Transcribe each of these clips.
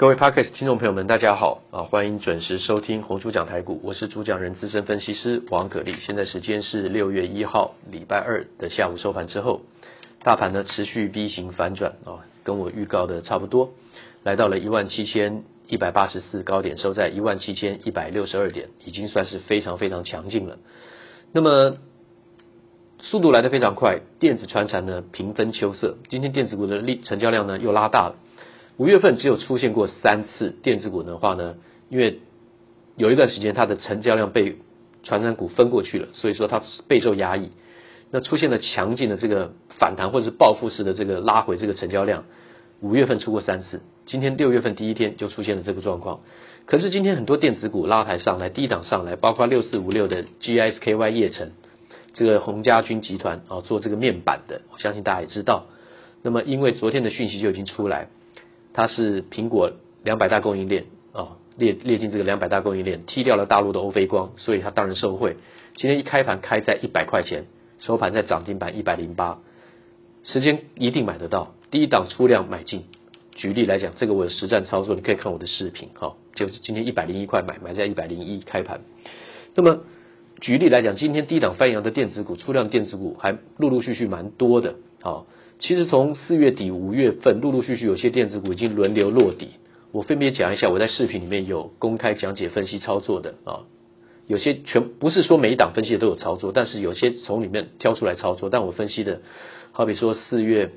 各位 Podcast 聽眾朋友們，大家好啊！歡迎準時收聽紅豬講台股，我是主講人資深分析師王可立。現在時間是六月一號，禮拜二的下午收盤之後，大盤呢持續 V 型反轉啊，跟我預告的差不多，來到了一萬七千一百八十四高點，收在一萬七千一百六十二點，已經算是非常非常強勁了。那麼速度來得非常快，電子傳、傳產呢平分秋色，今天電子股的利成交量呢又拉大了。五月份只有出現過三次電子股的話呢，因為有一段時間它的成交量被傳產股分過去了，所以說它備受壓抑。那出現了強勁的這個反彈或者是報復式的這個拉回，這個成交量五月份出過三次。今天六月份第一天就出現了這個狀況。可是今天很多電子股拉抬上來，低檔上來，包括六四五六的 GIS-KY 業成，這個鴻家軍集團啊做這個面板的，我相信大家也知道。那麼因為昨天的訊息就已經出來。它是蘋果兩百大供應鏈啊、哦，列列進這個兩百大供應鏈，踢掉了大陸的歐菲光，所以它當然受惠。今天一開盤開在一百塊錢，收盤在漲停板一百零八，時間一定買得到。低檔出量買進，舉例來講，這個我有實戰操作，你可以看我的視頻哈、哦，就是今天一百零一塊買買在一百零一開盤。那麼舉例來講，今天低檔翻揚的電子股，出量電子股還陸陸續續蠻多的啊。哦其實從四月底五月份陸陸續續有些電子股已經輪流落底，我分別講一下，我在視頻裡面有公開講解分析操作的啊，有些全不是說每一檔分析的都有操作，但是有些從裡面挑出來操作，但我分析的好比說四月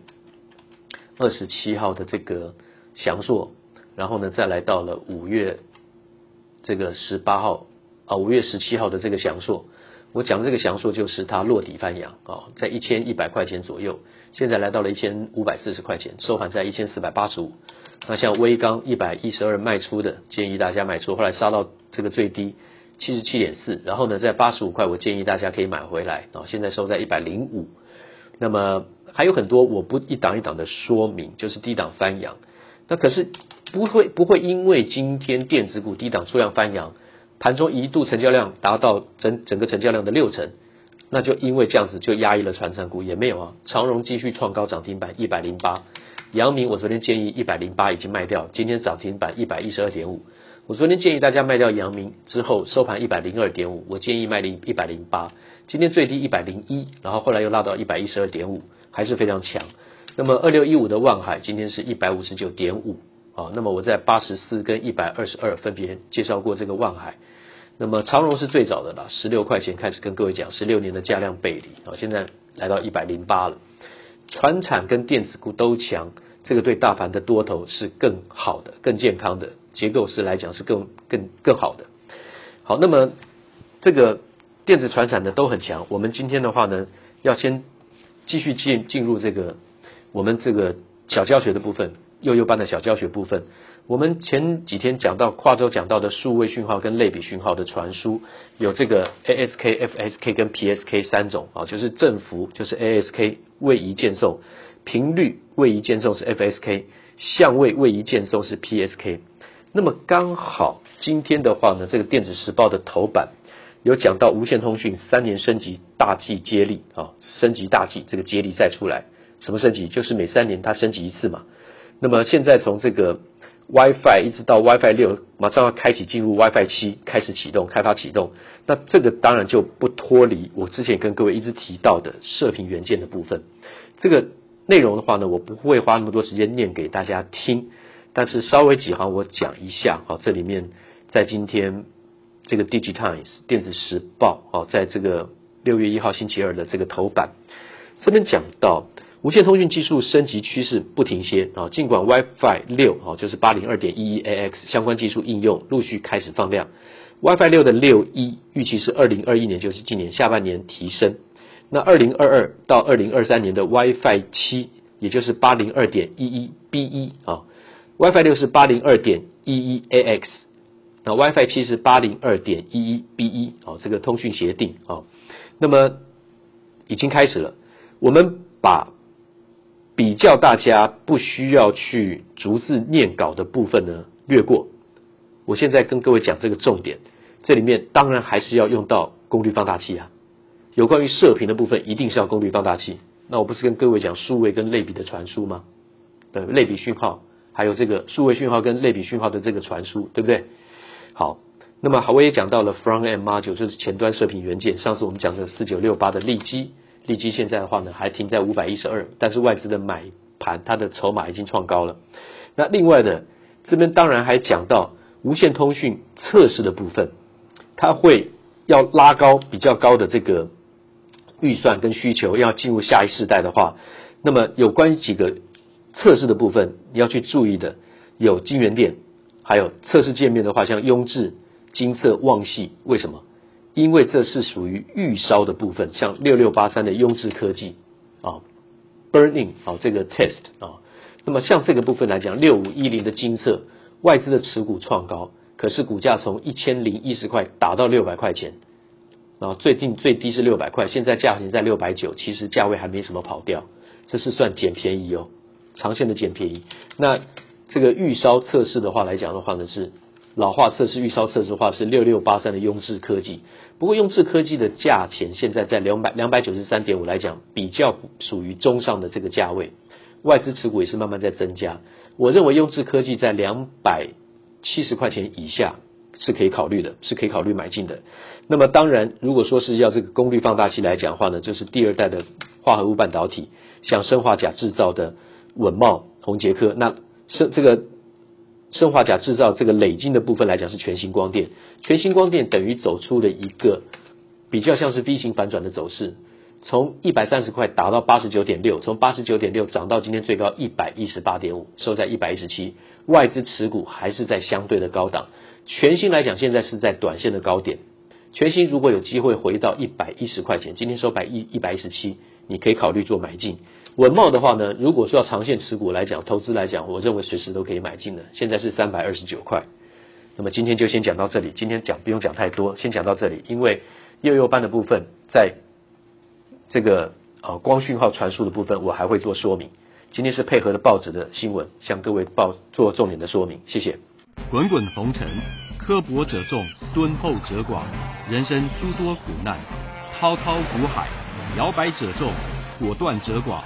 二十七號的這個祥碩，然後呢，再來到了五月這個十八號啊，五月十七號的這個祥碩。我講的這個詳述就是它落底翻揚啊，在一千一百塊錢左右，現在來到了一千五百四十塊錢，收盤在一千四百八十五。那像威剛一百一十二賣出的，建議大家賣出，後來殺到這個最低七十七點四，然後呢，在八十五塊，我建議大家可以買回來啊。現在收在一百零五，那麼還有很多我不一檔一檔的說明，就是低檔翻揚。那可是不會不會，因為今天電子股低檔出量翻揚。盤中一度成交量達到整整個成交量的六成，那就因為這樣子就壓抑了傳產股也沒有啊。長榮繼續創高漲停板一百零八，陽明我昨天建議一百零八已經賣掉，今天漲停板一百一十二點五。我昨天建議大家賣掉陽明之後收盤一百零二點五，我建議賣零一百零八，今天最低一百零一，然後後來又拉到一百一十二點五，還是非常強。那麼二六一五的萬海今天是一百五十九點五啊，那麼我在八十四跟一百二十二分別介紹過這個萬海。那麼長榮是最早的了，十六塊錢開始跟各位講，十六年的價量背離，好，現在來到一百零八了。傳產跟電子股都強，這個對大盤的多頭是更好的、更健康的結構式來講是更更更好的。好，那麼這個電子傳產的都很強，我們今天的話呢要先繼續進進入這個我們這個小教學的部分。幼幼班的小教學部分，我們前幾天講到跨州講到的數位訊號跟類比訊號的傳輸，有這個 ASK、FSK 跟 PSK 三種啊，就是振幅就是 ASK，位移鍵受，頻率位移鍵受是 FSK，相位位移鍵受是 PSK。那麼剛好今天的話呢，這個電子時報的頭版有講到無線通訊三年升級大計接力啊，升級大計這個接力再出來，什麼升級？就是每三年它升級一次嘛。那麼現在從這個 WiFi 一直到 WiFi 六，馬上要開啟進入 WiFi 七，開始啟動開發啟動。那這個當然就不脫離我之前跟各位一直提到的射頻元件的部分。這個內容的話呢，我不會花那麼多時間念給大家聽，但是稍微幾行我講一下。好、哦，這裡面在今天這個《DIGITIMES》電子時報，好、哦，在這個六月一號星期二的這個頭版，這邊講到。無線通訊技術升級趨勢不停歇啊，儘管 WiFi 六啊就是 802.11ax 相關技術應用陸續開始放量，WiFi 六的六 E 預期是二零二一年就是今年下半年提升，那二零二二到二零二三年的 WiFi 七，也就是 802.11be 啊，WiFi 六是 802.11ax，那 WiFi 七是 802.11be 啊這個通訊協定啊，那麼已經開始了，我們把比較大家不需要去逐字念稿的部分呢，略過。我現在跟各位講這個重點，這裡面當然還是要用到功率放大器啊。有關於射頻的部分，一定是要功率放大器。那我不是跟各位講數位跟類比的傳輸嗎？對，類比訊號還有這個數位訊號跟類比訊號的這個傳輸，對不對？好，那麼好，我也講到了 Front End Module 就是前端射頻元件。上次我們講的四九六八的利基。利基現在的話呢，還停在五百一十二，但是外資的買盤，它的籌碼已經創高了。那另外的這邊當然還講到無線通訊測試的部分，它會要拉高比較高的這個預算跟需求，要進入下一世代的話，那麼有關於幾個測試的部分你要去注意的，有金圓電，還有測試界面的話，像雍智、金色、旺系，為什麼？因為這是屬於預燒的部分，像六六八三的雍智科技啊，burning 啊這個 test 啊，那麼像這個部分來講，六五一零的精測，外資的持股創高，可是股價從一千零一十塊打到六百塊錢啊，最近最低是六百塊，現在價錢在六百九，其實價位還沒什麼跑掉，這是算撿便宜哦，長線的撿便宜。那這個預燒測試的話來講的話呢是。老化測試、預燒測試的話，是六六八三的雍智科技。不過雍智科技的價錢現在在兩百兩百九十三點五來講，比較屬於中上的這個價位，外資持股也是慢慢在增加。我認為雍智科技在兩百七十塊錢以下是可以考慮的，是可以考慮買進的。那麼當然，如果說是要這個功率放大器來講的話呢，就是第二代的化合物半導體，像砷化鎵製造的穩懋、宏捷科，那砷這個。砷化鎵製造這個磊晶的部分來講是全新光電，全新光電等於走出了一個比較像是 V 型反轉的走勢，從一百三十塊打到八十九點六，從八十九點六漲到今天最高一百一十八點五，收在一百一十七，外資持股還是在相對的高檔，全新來講現在是在短線的高點，全新如果有機會回到一百一十塊錢，今天收百一一百一十七，你可以考慮做買進。穩懋的話呢，如果說要長線持股來講，投資來講，我認為隨時都可以買進的。現在是三百二十九塊。那麼今天就先講到這裡，今天講不用講太多，先講到這裡。因為幼幼班的部分，在這個、呃、光訊號傳輸的部分，我還會做說明。今天是配合了報紙的新聞，向各位報做重點的說明。謝謝。滾滾紅塵，刻薄者眾，敦厚者寡。人生諸多苦難，滔滔苦海，搖擺者眾，果斷者寡。